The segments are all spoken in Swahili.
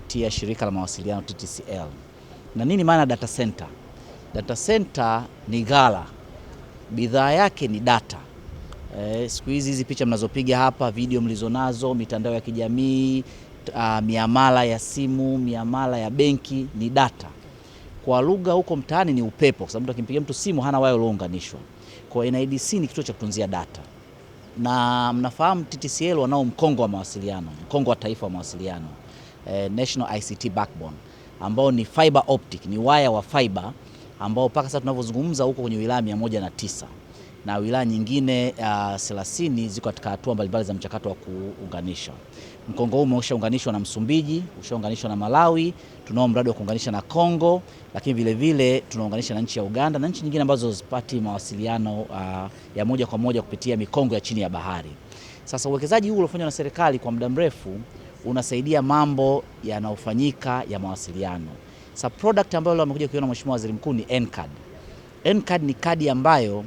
kupitia shirika la mawasiliano TTCL. Na nini maana data center? Data center ni ghala, bidhaa yake ni data. E, siku hizi hizi picha mnazopiga hapa, video mlizonazo, mitandao ya kijamii uh, miamala ya simu, miamala ya benki ni data. Kwa lugha huko mtaani ni upepo, kwa sababu mtu akimpigia mtu simu hana waya uliounganishwa. Kwa NIDC ni kituo cha kutunzia data, na mnafahamu TTCL wanao mkongo wa mawasiliano, mkongo wa taifa wa mawasiliano Eh, National ICT Backbone ambao ni fiber optic, ni waya wa fiber ambao mpaka sasa tunavyozungumza huko kwenye wilaya mia moja na tisa na wilaya nyingine ah, thelathini uh, ziko katika hatua mbalimbali za mchakato wa kuunganisha. Mkongo huu umeshaunganishwa na Msumbiji, ushaunganishwa na Malawi, tunao mradi wa kuunganisha na Kongo, lakini vilevile tunaunganisha na nchi ya Uganda na nchi nyingine ambazo zipati mawasiliano uh, ya moja kwa moja kupitia mikongo ya chini ya bahari. Sasa uwekezaji huu uliofanywa na serikali kwa muda mrefu unasaidia mambo yanayofanyika ya mawasiliano. Sa product ambayo leo amekuja kuiona Mheshimiwa Waziri Mkuu ni N-card. N-card ni kadi ambayo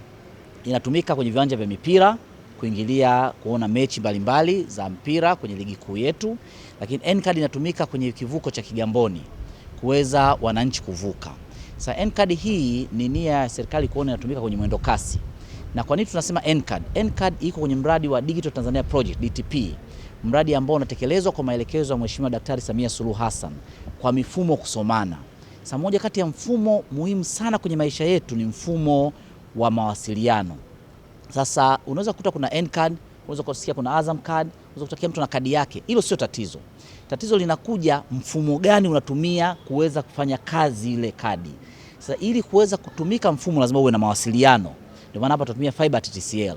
inatumika kwenye viwanja vya mipira kuingilia kuona mechi mbalimbali za mpira kwenye ligi kuu yetu, lakini N-card inatumika kwenye kivuko cha Kigamboni kuweza wananchi kuvuka. Sa N-card hii ni nia ya serikali kuona inatumika kwenye mwendo kasi. Na kwa nini tunasema N-card? N-card iko kwenye mradi wa Digital Tanzania Project DTP mradi ambao unatekelezwa kwa maelekezo ya Mheshimiwa Daktari Samia Suluhu Hassan kwa mifumo kusomana. Sasa moja kati ya mfumo muhimu sana kwenye maisha yetu ni mfumo wa mawasiliano. Sasa unaweza kukuta kuna N-card, unaweza kusikia kuna Azam card, unaweza kutakia mtu na kadi yake. Hilo sio tatizo. Tatizo linakuja mfumo gani unatumia kuweza kufanya kazi ile kadi. Sasa ili kuweza kutumika mfumo lazima uwe na mawasiliano. Ndio maana hapa tunatumia fiber to TCL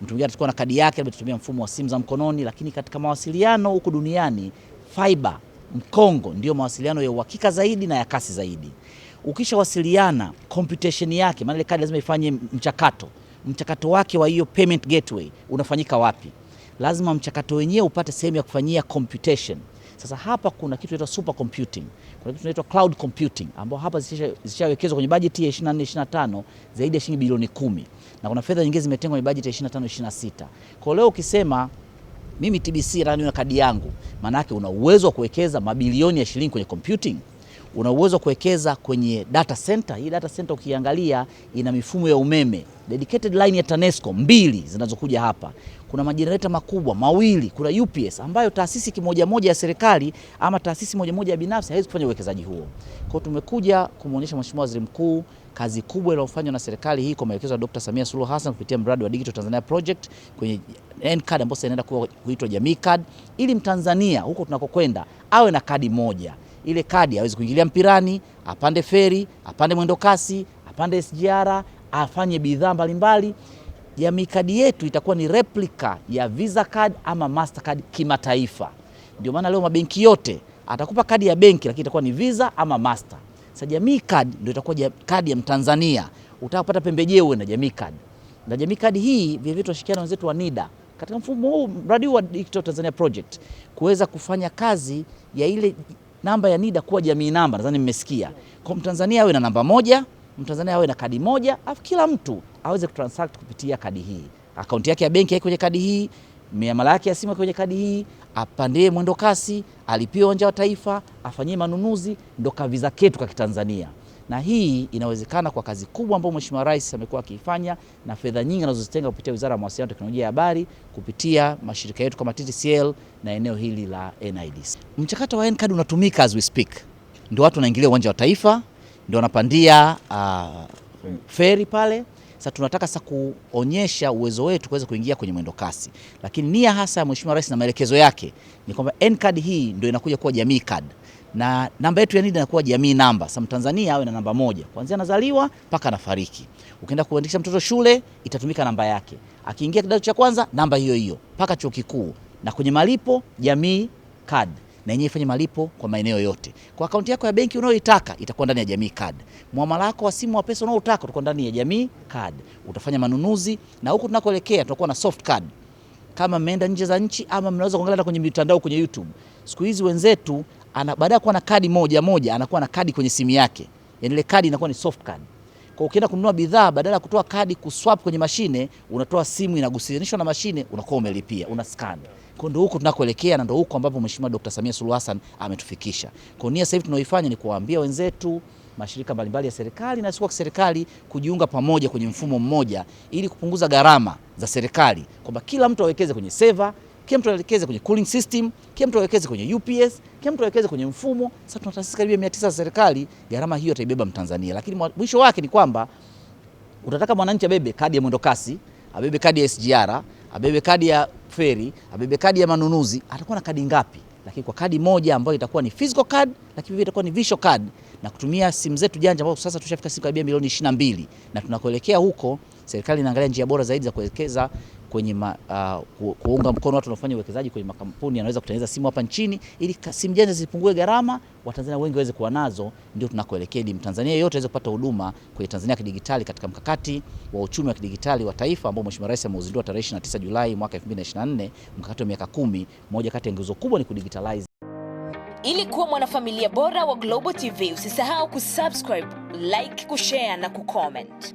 mwingine atakuwa na kadi yake, labda tutumia mfumo wa simu za mkononi. Lakini katika mawasiliano huku duniani, fiber mkongo ndio mawasiliano ya uhakika zaidi na ya kasi zaidi. Ukishawasiliana computation yake, maana ile kadi lazima ifanye mchakato, mchakato wake wa hiyo payment gateway unafanyika wapi? Lazima mchakato wenyewe upate sehemu ya kufanyia computation. Sasa hapa kuna kitu inaitwa super computing, kuna kitu inaitwa cloud computing ambao hapa zishawekezwa kwenye bajeti ya 24 25 zaidi ya shilingi bilioni kumi na kuna fedha nyingine zimetengwa kwenye bajeti ya 25 26. Kwa leo ukisema mimi TBC niwe na kadi yangu, maana yake una uwezo wa kuwekeza mabilioni ya shilingi kwenye computing una uwezo wa kuwekeza kwenye data center. Hii data center ukiangalia ina mifumo ya umeme dedicated line ya TANESCO mbili zinazokuja hapa. Kuna majenereta makubwa mawili, kuna UPS ambayo taasisi kimoja moja ya serikali ama taasisi moja moja ya binafsi haiwezi kufanya uwekezaji huo. Kwa hiyo tumekuja kumuonyesha Mheshimiwa Waziri Mkuu kazi kubwa iliyofanywa na serikali hii kwa maelekezo ya Dr. Samia Suluhu Hassan kupitia mradi wa Digital Tanzania Project kwenye N-card ambayo sasa inaenda kuitwa Jamii Card ili Mtanzania huko tunakokwenda awe na kadi moja ile kadi aweze kuingilia mpirani, apande feri, apande mwendo kasi, apande SGR, afanye bidhaa mbalimbali. Jamii kadi yetu itakuwa ni replica ya Visa card ama Mastercard kimataifa. Ndio maana leo mabenki yote atakupa kadi ya benki, lakini itakuwa ni Visa ama Master. Sasa jamii kadi ndio itakuwa kadi ya Mtanzania. Utapata pembejeo na jamii kadi, na jamii kadi hii vile vilevile tunashirikiana wenzetu wa NIDA katika mfumo huu, mradi wa Digital Tanzania Project, kuweza kufanya kazi ya ile namba ya NIDA kuwa jamii namba, nadhani mmesikia. Kwa Mtanzania awe na namba moja, Mtanzania awe na kadi moja, afu kila mtu aweze kutransact kupitia kadi hii. Akaunti yake ya benki yake kwenye kadi hii, miamala yake ya simu kwenye kadi hii, apandie mwendo kasi, alipie uwanja wa Taifa, afanyie manunuzi, ndo kaviza ketu kwa Kitanzania na hii inawezekana kwa kazi kubwa ambayo Mheshimiwa Rais amekuwa akiifanya na fedha nyingi anazozitenga kupitia Wizara ya Mawasiliano na Teknolojia ya Habari, kupitia mashirika yetu kama TTCL na eneo hili la NIDC. Mchakato wa NCAD unatumika as we speak, ndio watu wanaingilia uwanja wa Taifa, ndio wanapandia uh, feri pale. Sasa tunataka sasa kuonyesha uwezo wetu kuweza kuingia kwenye mwendo kasi, lakini nia hasa ya Mheshimiwa Rais na maelekezo yake ni kwamba NCAD hii ndio inakuja kuwa jamii card na namba yetu ya NIDA inakuwa jamii namba. Sasa Mtanzania awe na namba moja kuanzia anazaliwa mpaka anafariki. Ukienda kuandikisha mtoto shule itatumika namba yake, akiingia kidato cha kwanza namba hiyo hiyo mpaka chuo kikuu, na kwenye malipo jamii card na yenyewe ifanye malipo kwa maeneo yote. Kwa akaunti yako ya benki unayoitaka itakuwa ndani ya jamii card. Muamala wako wa simu wa pesa unaoutaka utakuwa ndani ya jamii card. Utafanya manunuzi na huku tunakoelekea tutakuwa na soft card kama mmeenda nje za nchi ama mnaweza kuangalia kwenye mitandao kwenye YouTube. Siku hizi wenzetu ana baada ya kuwa na kadi moja moja anakuwa na kadi kwenye simu yake. Yaani ile kadi inakuwa ni soft card. Kwa ukienda kununua bidhaa badala ya kutoa kadi kuswap kwenye mashine, unatoa simu inagusanishwa na mashine, unakuwa umelipia, una scan. Kwa ndio huko tunakoelekea na ndio huko ambapo Mheshimiwa Dr. Samia Suluhu Hassan ametufikisha. Kwa nia sasa hivi tunaoifanya ni kuwaambia wenzetu mashirika mbalimbali ya serikali na yasiyokuwa serikali kujiunga pamoja kwenye mfumo mmoja ili kupunguza gharama za serikali, kwamba kila mtu awekeze kwenye seva, kila mtu awekeze kwenye cooling system, kila mtu awekeze kwenye UPS, kila mtu awekeze kwenye mfumo. Sasa tuna taasisi karibia 900 za serikali, gharama hiyo ataibeba Mtanzania, lakini mwisho wake ni kwamba utataka mwananchi abebe kadi ya mwendokasi, abebe kadi ya SGR, abebe kadi ya feri, abebe kadi ya manunuzi, atakuwa na kadi ngapi? lakini kwa kadi moja ambayo itakuwa ni physical card, lakini pia itakuwa ni visual card na kutumia simu zetu janja ambazo sasa tushafika siku karibia milioni 22 na tunakuelekea huko, serikali inaangalia njia bora zaidi za kuwekeza kwenye ma, uh, kuunga mkono watu wanaofanya uwekezaji kwenye makampuni yanaweza kutengeneza simu hapa nchini, ili simu janja zipungue gharama, Watanzania wengi waweze kuwa nazo. Ndio tunakoelekea, ili Mtanzania yeyote aweze kupata huduma kwenye Tanzania ya kidigitali katika mkakati wa uchumi wa kidigitali wa taifa ambao Mheshimiwa Rais ameuzindua tarehe 29 Julai mwaka 2024, mkakati wa miaka kumi. Moja kati ya nguzo kubwa ni kudigitalize. Ili kuwa mwanafamilia bora wa Global TV, usisahau kusubscribe, like, kushare na kucomment.